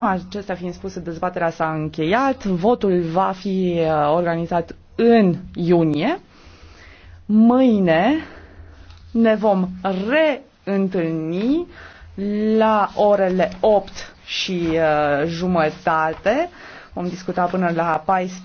Acestea fiind spuse, dezbaterea s-a încheiat. Votul va fi uh, organizat în iunie. Mâine ne vom reîntâlni la orele 8 și uh, jumătate. Vom discuta până la 14.